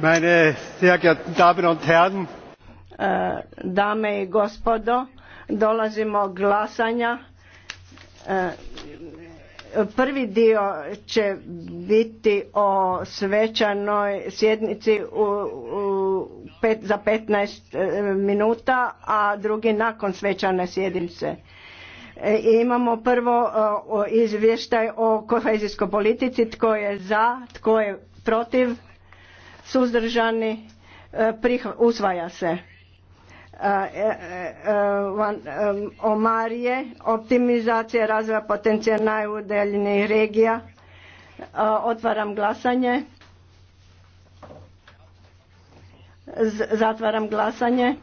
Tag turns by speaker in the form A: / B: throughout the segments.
A: Meine sehr geehrten Damen und Herren. E, dame i gospodo, dolazimo glasanja. E, prvi dio će biti o svečanoj sjednici u, u pet, za 15 e, minuta, a drugi nakon svečane sjednice. I imamo prvo izvještaj o kohezijskoj politici, tko je za, tko je protiv, suzdržani, e, usvaja se. E, e, Omarije, optimizacija razvoja potencija i regija. Otvaram glasanje. Zatvaram glasanje.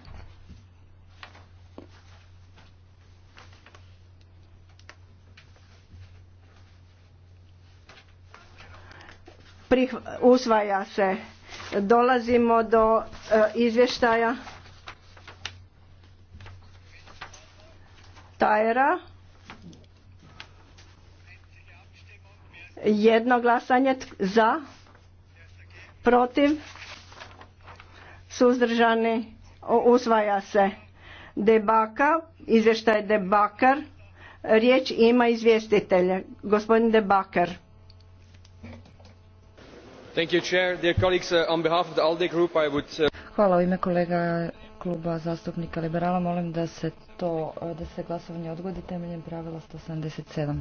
A: usvaja se dolazimo do e, izvještaja Tajera. Jedno glasanje za, protiv, suzdržani, usvaja se. Debaka, izvještaj Debakar, riječ ima izvjestitelje, gospodin Debakar.
B: Hvala u ime kolega kluba zastupnika liberala. Molim da se to, uh, da se glasovanje odgodi temeljem pravila 177.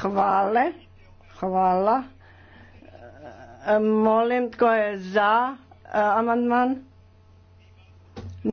B: Hvale. Hvala. E,
A: molim tko je za e, amandman?